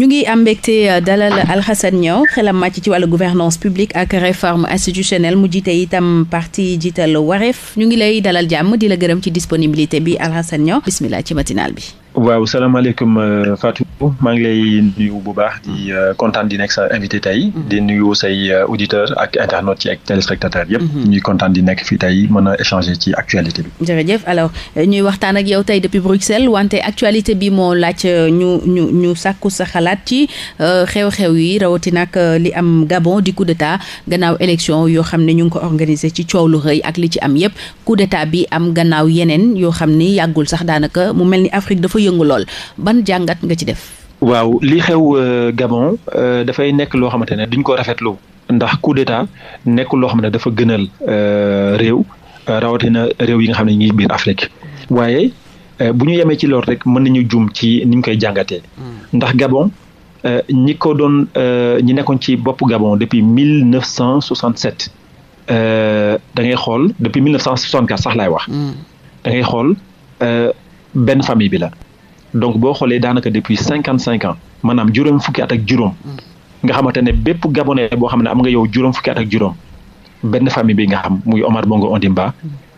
ñu ngi am mbégte euh, dalal Alhassane Niang xelam màcc ci wàllu gouvernance publique ak réforme institutionnelle mu jiite itam parti jiital wareef ñu ngi lay dalal jàmm di la gërëm ci disponibilité bi Alhassane Niang bismillah ci matinal bi waaw salaamaaleykum euh, Fatou maa ngi lay nuyu bu baax di euh, kontaan di nekk sa invité tey mm-hmm. di nuyu say euh, auditeurs ak internautes yi ak téléspectateurs yëpp mm-hmm. ñuy kontaan di nekk fii tey mën a échanger ci actualité bi jërëjëf alors ñuy waxtaan ak yow tey depuis Bruxelles wante actualité bi moo laaj ñu ñu ñu sàkku sa xalaat ci xew-xew yi rawatina li am Gabon di coup d'état gannaaw élection yoo xam ne ñu ngi ko organiser ci coow lu rëy ak li ci am yëpp coup bi am gannaaw yeneen yoo xam ne yàggul sax daanaka mu mel ni Afrique dafa dafa yëngu lool ban jàngat nga ci def. waaw li xew euh, Gabon euh, dafay nekk loo xamante ne duñ ko rafetlu ndax coup d'état nekk loo xam ne dafa gënal euh, réew rawatina réew yi nga xam ne ñi biir Afrique waaye bu ñu yemee ci lool rek mën nañu jum ci ni koy jàngatee. Hmm. ndax Gabon ñi ko doon ñi nekkoon ci bopp Gabon depuis mille neuf cent soixante sept da ngay xool depuis mille cent soixante quatre sax laay wax. Hmm. dangay xool benn famille bi la. donc boo xoolee daanaka depuis cinquante cinq ans maanaam juróom fukki at ak juróom nga xamante ne bépp gabonais boo xam ne am nga yow juróom fukki at ak juróom benn famille bi nga xam muy Omar Bongo Ondimba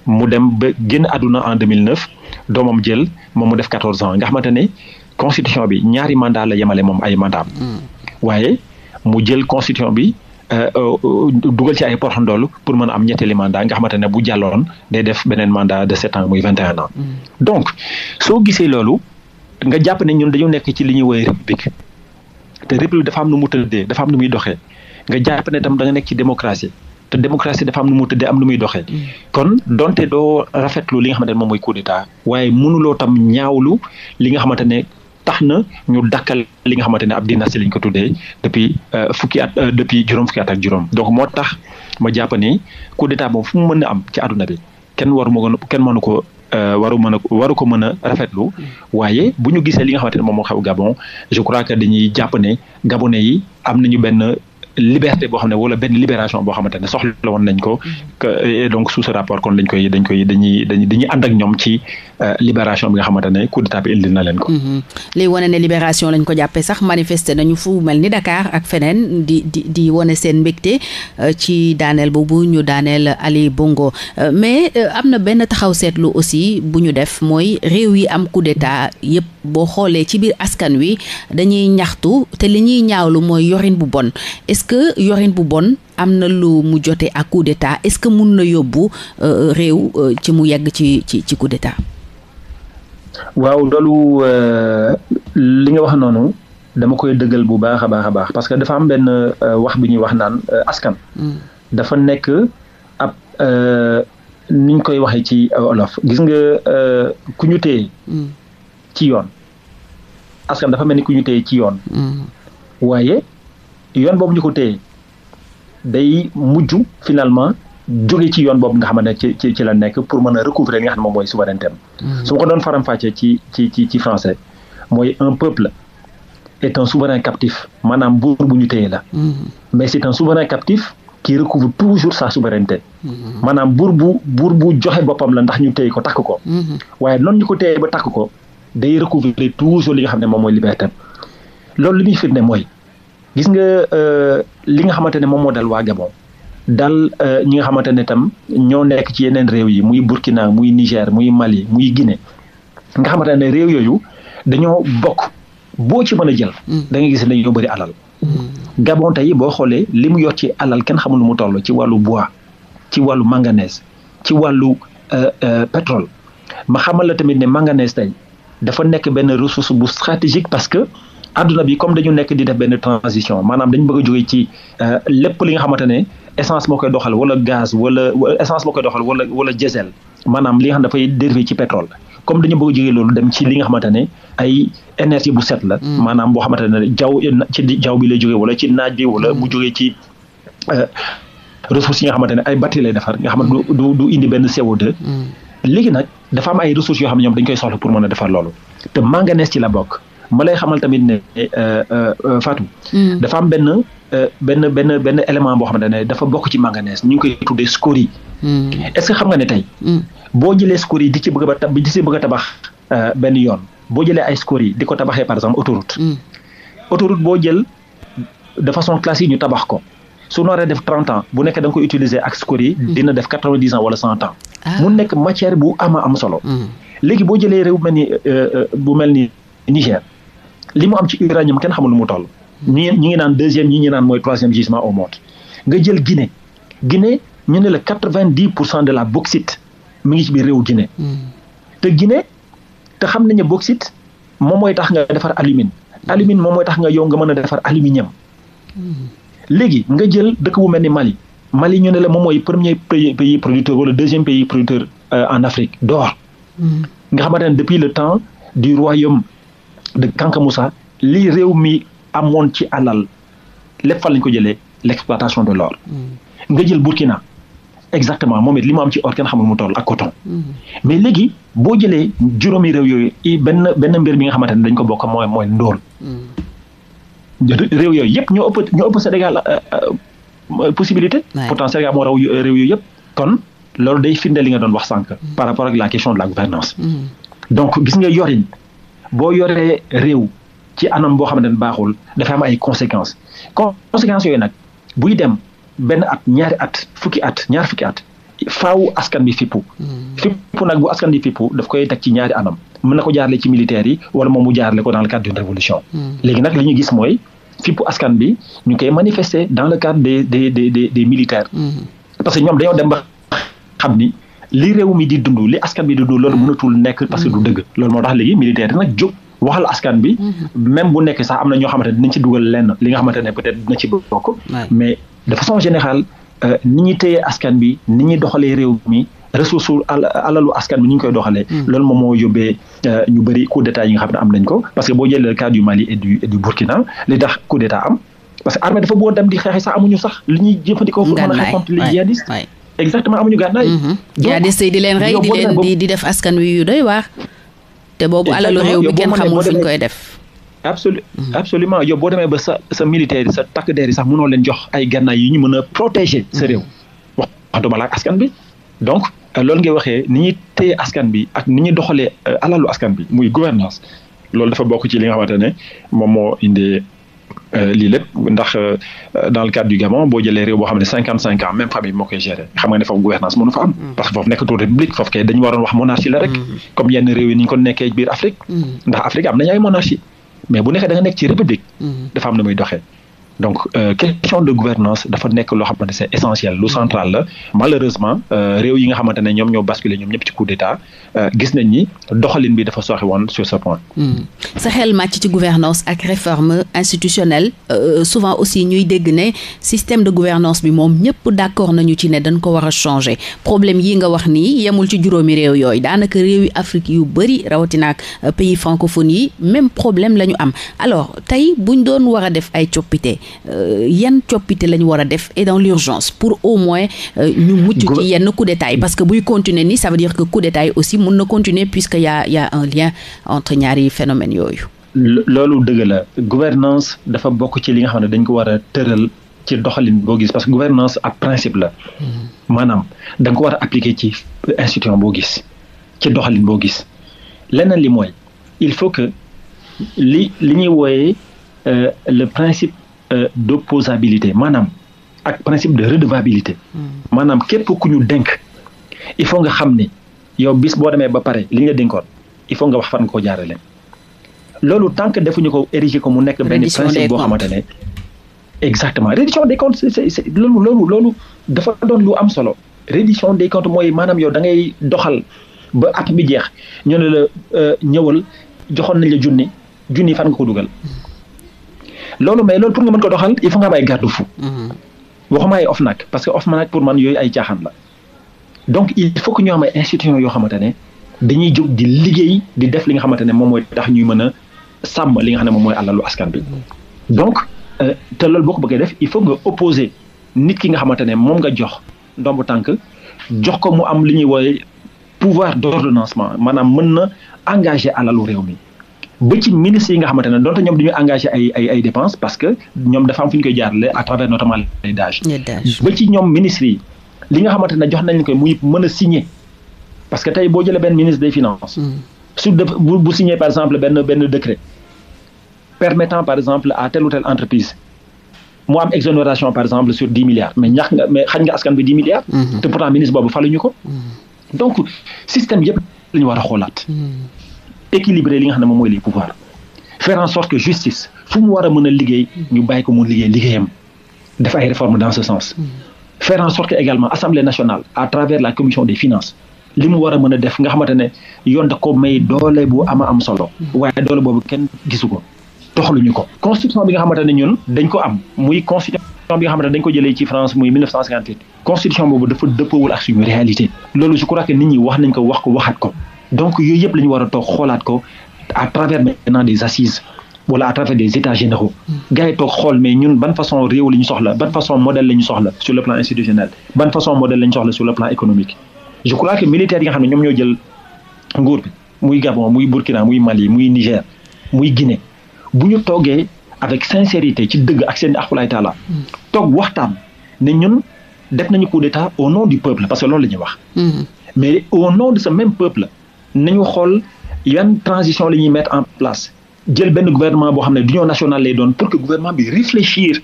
mu dem ba génn àdduna en 2009 doomam jël moom mu def 14 ans nga xamante ne constitution bi ñaari mandat la yemale moom ay mandat hmm. waaye mu jël constitution bi euh, euh, dugal ci ay poroxandoolu pour mën am ñetteeli mandat nga xamante ne bu jàlloon day def beneen mandat de sept ans muy nga jàpp ne ñun dañu nekk ci li ñuy woowee république te république dafa am nu mu tëddee dafa am nu muy doxee nga jàpp ne tam da nga nekk ci démocratie te démocratie dafa nu muy doxee. Mm. kon donte doo rafetlu li nga xamante ne moom mooy coup d'état waaye mënuloo tam ñaawlu li nga xamante ne tax na ñu dakkal li nga xamante ne ab dynastie lañ ko tuddee depuis euh, fukki at euh, depuis juróom fukki at juróom. donc moo tax ma jàpp ni coup d'état moom fu mu mën a am ci àdduna bi kenn waru ma kenn ko Euh, waru mën a waru ko mën a rafetlu waaye bu ñu gisee li a xamante ne moom moo xew Gabon je crois que dañuy jàpp ne Gabonais yi am nañu benn liberté boo xam ne wala benn libération boo xamante ne soxla woon nañ ko mm-hmm. donc sous ce rapport kon lañ koy dañ koy dañuy dañuy ànd ak ñoom ci Euh, libération bi nga xamante ne coup d'état bi indil na leen ko. Mhm. li wane ne libération lañ ko jàppee sax manifester nañu fu mel ni dakaar ak feneen di di di wane seen mbégte euh, ci daaneel boobu ñu daaneel Ali Bongo euh, mais am na benn taxaw seetlu aussi bu ñu def mooy réew yi am coup d'état yëpp boo xoolee ci biir askan wi dañuy ñaxtu te li ñuy ñaawlu mooy yorin bu bon est-ce que yorin bu bon. am na lu mu jote ak coup d'état est-ce que mun na yóbbu réew ci mu yegg ci ci ci coup waaw loolu euh, li nga wax noonu dama koy dëggal bu baax a baax a baax parce que dafa am benn euh, wax bi ñuy wax naan euh, askan. Hmm. dafa nekk ab ni ñu koy waxee ci olof gis nga ku ñu téye. Hmm. ci yoon askan dafa mel ni ku ñu téye ci yoon. Hmm. waaye yoon boobu ñu ko téye day mujj finalement. jóge ci yoon boobu nga xamante ne ci ci ci la nekk pour mën a recouvrer li nga xam ne moom mooy souveraineté am mm-hmm. su ma ko doon faram-fàccee ci ci français mooy un peuple est un souverain captif maanaam buur bu ñu téye la mm-hmm. mais c'est un souverain captif qui recouvre toujours sa souveraineté mm-hmm. maanaam buur bu buur bu joxe boppam la ndax ñu téye ko takk ko waaye noon ñu ko téye ba takk ko day recouvrer toujours li nga xam ne moom mooy liberté loolu li muy firnde mooy gis nga euh, li nga xamante ne moom moo dal waa Gabon dal euh, ñi nga xamante ne tam ñoo nekk ci yeneen réew yi muy Burkina muy Niger muy Mali muy Guinée nga xamante ne réew yooyu dañoo bokk boo ci mën a jël. Mm. da gis ne dañoo bëri alal. Mm. Gabon tey boo xoolee li mu yor ci alal kenn xamul lu mu toll ci wàllu bois ci wàllu manganèse ci wàllu euh, euh, pétrole ma xamal la tamit ne manganèse tey dafa nekk benn ressource bu stratégique parce que. adduna bi comme dañu nekk di def benn transition maanaam dañu bëgg a jóge ci lépp li nga xamante ne essence moo koy doxal wala gaz wala essence moo koy doxal wala wala diesel maanaam li nga xam dafay dérivé ci pétrole comme dañu bëgg a jógee loolu dem ci li nga xamante ne ay énergie bu set la. Hmm. maanaam boo xamante ne jaww eh, ci jaww bi lay jógee wala ci naaj bi wala bu hmm. jógee ci. Euh, ressources yi nga xamante ne ay batterie lay defar nga xamante du du du indi benn CO2. Hmm. léegi nag dafa am ay ressources yoo xam ne ñoom dañ koy soxla pour mën a defar loolu te manga manganèse ci la bokk. ma lay xamal tamit ne euh, euh, Fatou. Hmm. dafa am benn euh, benn benn benn élément boo xamante ne dafa bokk ci manganèse ñu ngi koy tuddee scorie. Hmm. est-ce que xam nga ne tey. Hmm. boo jëlee scorie di ci bëgg a di ci bëgg a tabax benn yoon boo jëlee ay scorie di ko tabaxee par exemple autoroute. autoroute boo jël de façon classique ñu tabax ko. su nooree def trente ans bu nekkee da nga koy utiliser ak scorie dina def quatre vingt dix ans wala cent ans. Ah. mu nekk matière bu ama am solo. léegi boo jëlee réew mel ni bu mel ni Niger. li mu am ci uranium kenn xamul nu mu toll. ñi ñi ngi naan deuxième ñi ngi naan mooy troisième gisement au monde nga jël Guinée Guinée ñu ne la quatre vingt dix pour cent de la bauxite mi ngi ci biir réew Guinée. Hmm. te Guinée te xam nañu ne bauxite moom mooy tax nga defar alumine. alumine moom mooy tax nga yow nga mën a defar aluminium. Hmm. léegi nga jël dëkk bu mel ni Mali. Mali ñu ne la moom mooy premier pays producteur wala deuxième pays producteur euh, en Afrique d'or. Hmm. nga xamante ne depuis le temps du royaume de Kanka Moussa li réew mi amoon ci alal lépp fan lañ ko jëlee l'exploitation de l'or mm. nga jël Burkina exactement moom it li mu am ci or kenn xamul mu toll ak coton. Mm-hmm. mais léegi boo jëlee juróomi réew yooyu i benn benn mbir bi nga xamante ne dañ ko bokk mooy mooy ndóol. Mm. réew yooyu yëpp ñoo ëpp ñoo ëpp Sénégal euh, euh, possibilité. pourtant Sénégal moo raw euh, réew yooyu yëpp. kon loolu day firnde li nga doon wax sànq. Mm. par rapport ak la question de la gouvernance donc gis nga yorin boo yoree réew ci anam boo xam ne baaxul dafa am ay conséquences conséquences yooyu nag buy dem benn at ñaari at fukki at ñaar fukki at faaw askan bi fippu. Hmm. fippu nag bu askan bi fippu daf koy teg ci ñaari anam mën na ko jaarale ci militaires yi wala moom mu jaarale ko dans le cadre hmm. léegi nag li ñu gis mooy fippu askan bi ñu koy manifester dans le cadre des des des des militaires. Hmm. parce que ñoom dañoo dem ba xam ni. li réew mi di dund li askan bi di dund loolu mm-hmm. mënatul nekk parce que du mm-hmm. dëgg loolu moo tax léegi militaire nag jóg waxal askan bi mm-hmm. même bu nekk sax am na ñoo xamante ne dinañ ci dugal lenn li nga xamante ne peut-être dina ci bokk mais de façon euh, bi ni ñuy doxalee réew mi ressource alalu askan bi ni ñu koy doxalee mm. loolu moom moo yóbbee euh, ñu bëri coup d'état yi nga xam ne am nañ ko parce que boo jëlee le cas du Mali et du Burkina li tax coup d'état am parce que armée dafa boo dem di xeexi sax amuñu sax li ñuy jëfandikoo pour mën a xeexante les djihadistes exactement amuñu gànnaay. jihadistes mhm. yi di leen rey di leen di def askan wi yu doy waar. te boobu alalu réew bi kenn xamul fu koy def. absolu mhm. absolument yow boo demee ba sa sa militaire sa takk der yi sax mënoo leen jox ay gànnaay yi ñu mën a protéger sa mhm. réew. wax dëgg la askan bi donc euh, loolu ngay waxee ni ñuy téye askan bi ak ni ñuy doxalee euh, alalu askan bi muy gouvernance loolu dafa bokk ci li nga xamante ne moom moo indee Euh, lii lépp ndax euh, dans le cadre du Gabon boo jëlee réew boo xam ne cinquante cinq ans même famille moo koy gérer xam nga ne foofu gouvernance mënu fa am mm. parce que foofu nekkatul république foofu kay dañu waroon wax monarchie la rek mm. comme yenn réew yi ni ñu ko Afrique mm. ndax Afrique am nañu monarchie mais bu nekkee nga nekk ci république dafa am na muy doxee donc euh, question de gouvernance dafa nekk loo xamante c'est essentiel lu central la malheureusement euh, réew yi nga xamante ne ñoom ñoo basculé ñoom ñëpp ci coup d'état euh, gis nañ ni doxalin bi dafa sooxe woon sur ce point. Hmm. sa xel màcc ci gouvernance ak réforme institutionnelle euh, euh, souvent aussi ñuy dégg ne système de gouvernance bi moom ñëpp d'accord nañu ci ne dañ ko war a changer problème yi nga wax nii yemul ci juróomi réew yooyu daanaka réew yi Afrique yu bëri rawatina ak pays francophones yi même problème la ñu am alors tey buñ doon war a def ay coppite. Euh, yan coppite la ñu war a def et dans l'urgence pour au moins euh, ñu mucc ci yenn coup d'état yi parce que buy continuer ni ça veut dire que coup d'état yi aussi mun na continuer puisque y a un lien entre ñaari phénomènes yooyu loolu dëgg la gouvernance dafa bokk ci li nga xam ne dañ ko war a tëral ci doxalin boo gis parce que gouvernance ab principe la mm-hmm. maanaam da ko war a appliquer ci institution boo gis ci doxalin boo gis leneen li mooy il faut que li li ñuy wooyee euh, le Euh, d'opposabilité maanaam ak principe de redevabilité hmm. maanaam képp ku ñu dénk il faut nga xam ni yow bis boo demee ba pare li nga dénkoon il faut nga wax fan nga ko jaarale loolu tant que defuñu ko érigé ko mu nekk benn principe boo xamante ne exactement reddition des comptes c'est loolu loolu loolu dafa doon lu am solo reddition des comptes mooy maanaam yow da ngay doxal ba at mi jeex ñu ne la euh, ñëwal joxoon nañ la junni junni fan nga ko dugal hmm. loolu mais loolu pour nga mën ko doxal il faut nga am ay garde fou mm-hmm. waxuma ay OFNAC parce que OFNAC pour man yooyu ay caaxaan la donc il faut que ñu am ay yoo xamante ne dañuy jóg di liggéey di def li nga xamante ne moom mooy tax ñuy mën a sàmm li nga xam ne moom mooy àlalu askan bi mm-hmm. donc euh, te loolu boo ko bëggee def il faut nga opposer nit ki nga xamante ne moom nga jox ndomb tànk jox ko mu am li ñuy wooye pouvoir d'ordonnancement maanaam mën na engagé alalu réew mi ba ci ministres yi nga xamante ne donte ñoom dañuy engagé ay ay ay dépenses parce que ñoom dafa am fu ñu koy jaarale travers notamment les DAGE ñoom ministres yi li nga xamante ne jox nañ ko muy mën a signer parce que tey boo jëlee benn ministre des finances hmm. su bu bu signer par exemple benn benn décret permettant par exemple à telle ou telle entreprise mu am exonération par exemple sur dix milliards mais ñax nga mais xañ nga askan bi dix milliards hmm. te pourtant ministre boobu faluñu ko hmm. donc système yëpp ñu war a xoolaat équilibrer li nga xam ne moom mooy les pouvoirs faire en sorte que justice fu mu war a mën a liggéey ñu bàyyi ko mu liggéey liggéeyam def ay réformes dans ce sens mm. faire en sorte que également assemblée nationale à travers la commission des finances li mu war a mën a def nga xamante ne yoon da ko may doole bu ama am solo mm. waaye doole boobu kenn gisu ko toxaluñu ko constitution bi nga xamante ne ñun dañ ko am muy constitution bi nga xamante ne dañ ko jëlee ci France muy 1958 constitution boobu dafa dëppawul loolu je crois que wax nañ ko wax ko waxaat ko donc yooyu yëpp la ñu a toog xoolaat ko à travers maintenant des assises wala à travers des états généraux mm. gars yi toog xool mais ñun ban façon réew la ñu soxla ban façon modèle la ñu soxla sur le plan institutionnel ban façon modèle la ñu soxla sur le plan économique je crois que militaires yi nga xam ne ñoom ñoo jël nguur muy Gabon muy Burkina muy Mali muy Niger muy Guinée bu ñu toogee avec sincérité ci mm. la nañu xool yan transition la ñuy en place jël benn gouvernement boo xam ne d'union nationale lay doon pour que gouvernement bi réfléchir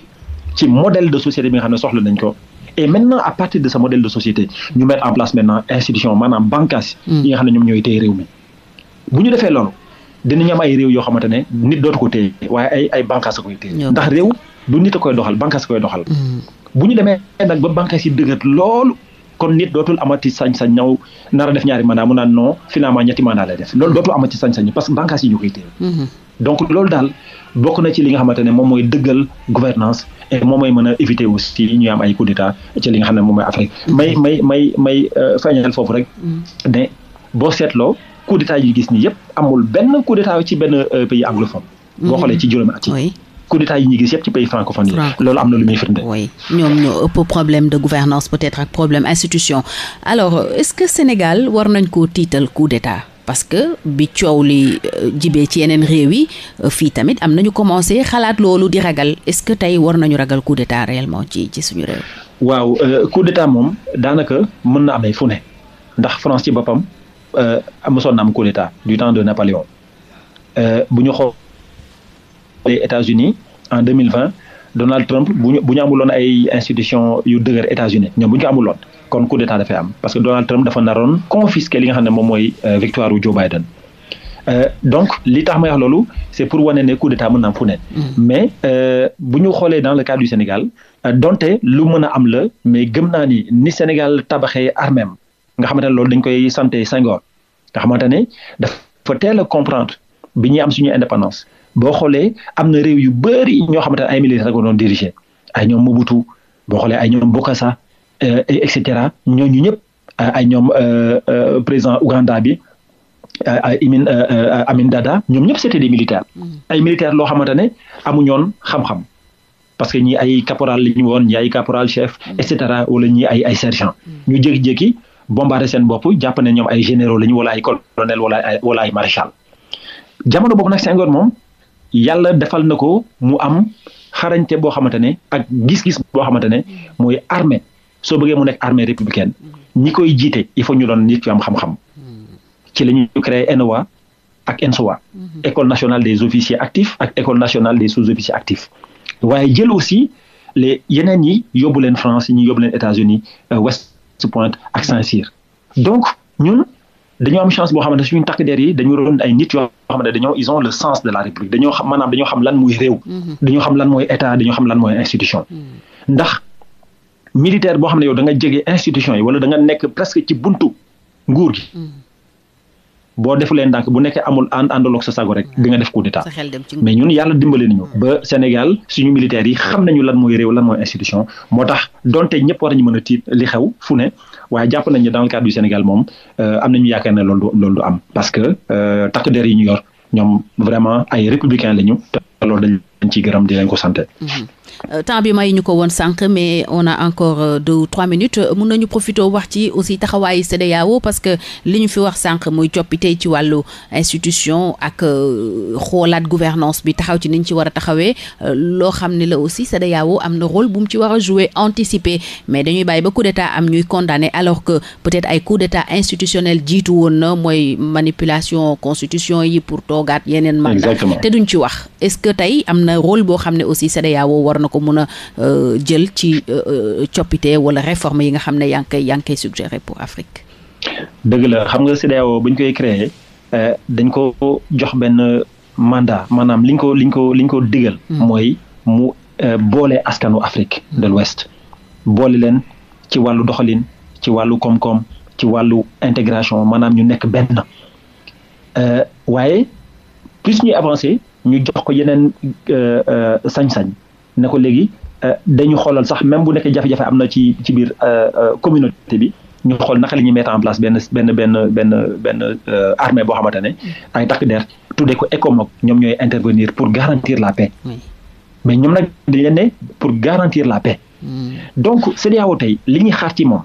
ci modèle de société bi nga xam ne soxla nañ ko et maintenant à partir de ce modèle de société ñu mettre en place institution maanaam bànqaas mm. yi nga xam ne ñoom ñooy téye réew mi bu ñu defee loolu dinañu am ay réew yoo xamante nit dootu ko téye waaye ay ay bànqaas a koy ndax réew du nit a koy doxal bànqaas a kon nit dootul amati sañ-sañ ñaw nara def ñaari mandat mu naan non finalement ñetti mandat lay def loolu dootul amati sañ-sañ parce que bànqaas yi ñu koy téye. Mhm. donc loolu daal bokk na ci li nga xamante ne moom mooy dëggal gouvernance et moom moy mën a éviter aussi ñu am ay coup d'état ci li nga xam ne moom mooy Afrique. Mhm. may may may may euh, feeñal foofu rek. Mhm. ne boo seetloo coup d'état yi gis ni yëpp amul benn coup d'état ci benn euh, pays anglophone. boo xoolee ci juróomi at yi. coup d'état yi ñu gis yëpp ci pays francophone yi loolu am na lu muy firnde oui ñoom ñoo ëpp problème de gouvernance peut-être ak problème institution alors est-ce que Sénégal war nañ koo tiital coup d'état parce que bi coow li euh, jibee ci yeneen réew yi euh, fii tamit am nañu commencé xalaat loolu di ragal est-ce que tey war nañu ragal coup d'état réellement ci ci suñu réew waaw euh, coup d'état moom daanaka mën na am fu ne ndax France ci boppam mosoon na am coup les États-Unis en 2020 Donald Trump bu ñu bu amuloon ay institution yu dëgër États-Unis ñoom bu ñu ko amuloon kon coup d'état dafay am parce que Donald Trump dafa naroon confisquer li nga xam ne moom mooy euh, victoire wu euh, li tax may wax loolu c'est pour wane ne coup d'état mën na am fu ne. Mm-hmm. mais euh, bu ñu xoolee dans le cas du Sénégal donte lu mën a am la mais gëm naa ni ni Sénégal tabaxee armem nga xamante ne loolu dañ koy santé Senghor nga xamante ne dafa teel a comprendre. bi ñuy am suñu indépendance boo xoolee am na réew yu bëri ñoo xamante ne ay militaires rek ko doon diriger ay ñoom Mobutu boo xoolee ay ñoom Bokassa euh, et cetera ñooñu ñëpp euh, ay ñoom euh, président Ouganda bi Imin Amin Dada ñoom ñëpp c'était des mm. ay militaires loo xamante ne amuñoon xam-xam parce que ñi ay caporal la ñu woon ñi ay caporal chef mm. et cetera wala ñi ay ay sergent mm. ñu jékki-jékki bombardé seen bopp jàpp ne ñoom ay généraux la ñu wala ay colonel wala ay wala ay maréchal jamono boobu nag Senghor moom yàlla defal na ko mu am xarañte boo xamante ne ak gis-gis boo xamante ne mooy armée soo bëggee mu nekk armée républicaine ñi koy jiite il faut ñu doon nit yu am xam-xam ci la ñu créé ENOA ak ENSOA école nationale des officiers actifs ak école nationale des sous-officiers actifs waaye jël aussi le yeneen yi yóbbu leen France ñi yóbbu leen États-Unis euh, West Point ak Saint-Cyr donc ñun dañoo am chance boo xamante ne suñu takk der yi dañu xam ne dañoo xam lan mooy réew. Mhm. dañoo xam lan mooy état dañoo xam lan mooy institution. Mhm. ndax militaire boo xam ne yow da nga jege institution yi wala da nga nekk presque ci buntu nguur gi. Mhm. boo defulee ndànk bu nekkee amul ànd àndaloog sa sago rek di nga def coup d'état mais ñun yàlla dimbali nañu ba Sénégal suñu militaires yi xam nañu lan mooy réew lan mooy institution moo tax donte ñëpp war nañu mën a tiit li xew waaye jàpp nañ ne dans le cadre du Sénégal moom euh, am nañu yaakaar ne loolu loolu du am parce que euh, takk der yi ñu yor ñoom vraiment ay républicain lañu te loolu dañ dañ ciy mhm. euh, temps bi may ñu ko woon sànq mais on a encore euh, deux ou trois minutes euh, mun nañu profité wax ci aussi taxawaayu CEDEAO parce que li ñu fi wax sànq muy coppite ci wàllu institution ak xoolaat gouvernance bi taxaw ci ni ñu ci war a taxawee loo xam ne la aussi CEDEAO am na rôle bu ci war a jouer anticiper mais dañuy bàyyi ba coup d'état am ñuy condamné alors que peut-être ay coup d'état institutionnel jiitu woon na mooy manipulation constitution yi pour toogaat yeneen mandat te duñ na rôle boo xam ne aussi CEDEAO war na ko mun a euh, jël ci euh, euh, coppite wala réforme yi nga xam ne yaa ngi koy yaa ngi suggéré pour Afrique. dëgg la xam nga CEDEAO bu ñu koy créé dañ ko jox benn mandat maanaam liñ ko liñ ko liñ ko digal. Hmm. mooy mu boole askanu Afrique de l'Ouest boole leen ci wàllu doxalin ci wàllu koom-koom ci wàllu intégration maanaam ñu nekk benn waaye plus ñuy avancer ñu jox ko yeneen euh, euh, sañ-sañ ne ko léegi euh, dañu xoolal sax même bu nekkee jafe-jafe am na ci ci biir communauté bi ñu xool naka la ñuy mettre en place benn benn benn benn benn armée boo xamante ne ay takk der tuddee ko ECOMOG ñoom ñooy intervenir pour garantir la paix mais ñoom nag dañ leen ne pour garantir la paix mm. donc CEDEAO tey li ñuy xaar ci moom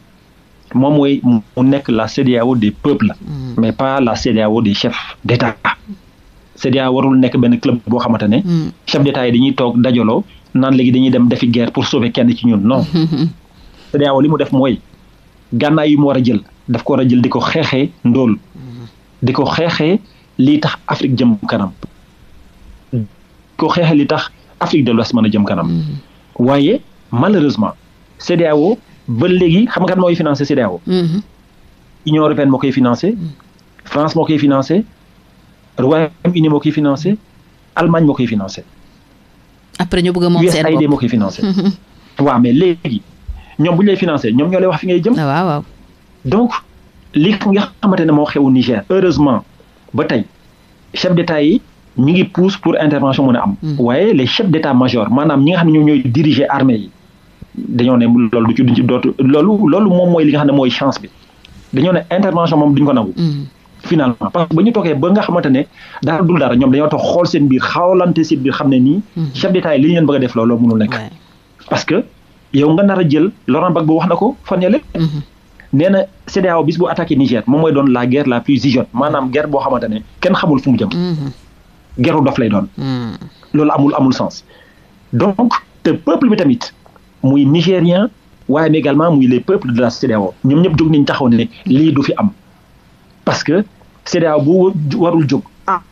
moom mooy mu nekk la CEDEAO des la mm. mais pas la CEDEAO des chefs d'État CEDEAO warul nekk benn club boo xamante ne. Hmm. chef d'état yi dañuy toog dajaloo naan léegi dañuy dem defi guerre pour sauver kenn ci ñun non. CEDEAO hmm. li mu def mooy gànnaay yu mu war a jël daf ko war a jël di ko xeexee ndóol di ko xeexee lii tax Afrique jëm kanam ko xeexee li tax Afrique de mën a jëm kanam hmm. waaye malheureusement CEDEAO ba léegi xam nga mooy financé CEDEAO. Union européenne moo koy financé. France moo koy financé. Royaume-Uni moo koy financé Allemagne moo koy financé. après ñu bëgg a moom seen bopp USAID moo koy financé. waaw mais léegi ñoom bu ñu lay financé ñoom ñoo lay wax fi ngay jëm. waaw waaw donc li nga xamante ne moo xewu Niger. heureusement ba tey chef d'état yi ñu ngi pousse pour intervention mën a am. Mm. waaye les chefs d'état-major maanaam ñi nga xam ne ñoom ñooy diriger armée yi. dañoo ne loolu du ci dootu loolu moom mooy li nga xam ne mooy chance bi dañoo ne intervention moom duñ ko nangu. Mm. finalement parce que ba ñu toogee ba nga xamante ne dara dul dara ñoom dañoo toog xool seen biir xawlante seen biir xam ne nii. Mm-hmm. chef d'état yi li ñu leen bëgg a def loolu mënul nekk. parce que yow nga nar a jël na ko fan yële. Mm-hmm. nee na CEDEAO bis bu attaqué Niger la guerre la plus idiote maanaam guerre boo xamante ne kenn xamul fu mu jëm. Mm-hmm. guerre dof lay doon. loolu amul sens. donc te peuple bi tamit muy nigérien waaye muy les peuples de la CEDEAO ñoom ñëpp jóg nañ taxaw lii du fi am parce que CEDEAO bu warul jóg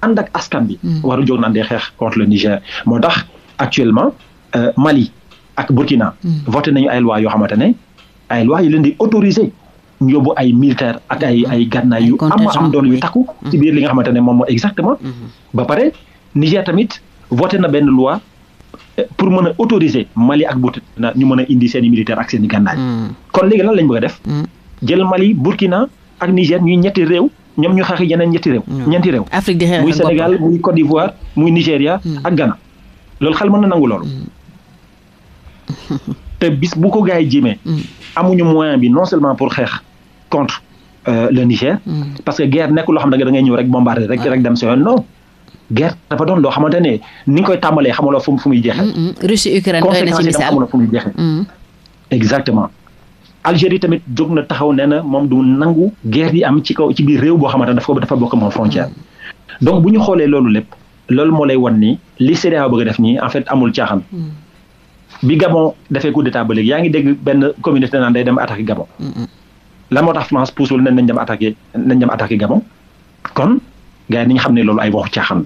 ànd ak askan bi. Hmm. warul jóg naan day xeex contre le Niger moo tax actuellement euh, Mali ak Burkina. Hmm. voté nañu ay loi yoo xamante ne ay loi yi leen di autorisé. ñu yóbbu ay militaire ak ay hmm. ay gànnaay yu am am doole yu takku ci biir li nga xamante ne moom moo exactement ba pare Niger tamit voté na benn loi euh, pour mën a autoriser Mali ak Burkina ñu mën a indi seen i militaire ak seen i gànnaay kon léegi lan lañ bëgg def jël Mali Burkina ak Niger ñuy ñetti réew ñoom ñu xeex yeneen ñetti réew. Hmm. ñeenti réew. Afrique di xeex muy Sénégal muy Côte d'Ivoire muy Nigéria. Hmm. loolu xel mën na nangu lool hmm. te bis bu ko gars yi jëmee. amuñu moyen bi non seulement pour xeex contre euh, le Niger. parce que guerre nekk loo xam ne da ngay ñëw rek bombarder rek ah. rek dem si yoon non. guerre dafa doon loo xamante ne ni nga koy tàmbalee xamuloo fu fu muy jeexee. Russie Ukraine doy na ci misaal conséquences yi da fu muy jeexee. exactement. Algérie tamit jóg na taxaw nee na moom du nangu guerre yi am ci kaw ci biir réew boo xamante ne dafa dafa bokk moom frontière hmm. donc bu ñu xoolee loolu lépp lool moo lay wan ni li CEDEAO bëgg a def nii en fait amul caaxaan. Hmm. bi Gabon defee ku d'état ba léegi yaa ngi dégg benn communauté naan day dem attaqué Gabon. Hmm, la moo tax France puusul nañ nañ dem attaque nañ dem attaqué Gabon kon gars yi nañu xam ne loolu ay waxu caaxaan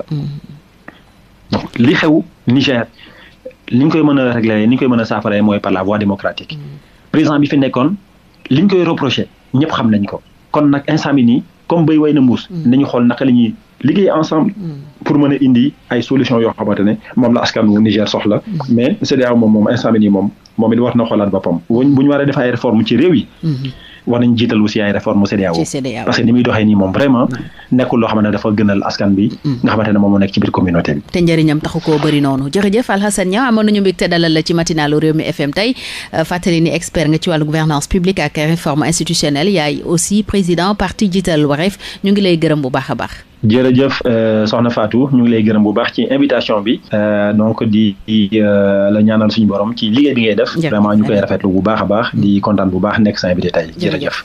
la. li xew Niger li ñu koy mën a réglé ni ñu koy mën a saafaree mooy par la voie démocratique. Mm. président bi fi nekkoon liñ koy reproché ñëpp xam nañ ko kon nag instant bi nii comme béy way na mbuus mm. nañu xool naka la ñuy liggéey ensemble mm. pour mën a indi ay solution yoo xamante ne moom la askan wu Niger soxla mm. mais CEDEAO moom moom instant bi nii moom moom it war na xoolaat boppam buñ bu ñu waree def ay réforme ci réew yi mm-hmm. war nañ jiital aussi ay réforme mu CEDEAO parce que ni muy doxee nii moom vraiment mm. nekkul loo xamante dafa gënal askan bi mm. nga xamante ne moom moo nekk ci biir communauté bi te njëriñam taxu koo bëri noonu jërëjëf Alhassane Niang amoon nañu mbégte dalal la ci matinalu Rewmi FM tey euh, fàttali ni expert nga ci wàllu gouvernance publique ak réforme institutionnelle yaay aussi président parti jiital Wareef ñu ngi lay gërëm bu baax a baax jërëjëf euh, soxna Fatou ñu ngi lay gërëm bu baax ci invitation bi euh, donc di euh, la ñaanal suñu borom ci liggéey bi ngay def. vraiment ñu koy rafetlu bu baax a baax di kontaan bu baax nekk sa invité tey jërëjëf.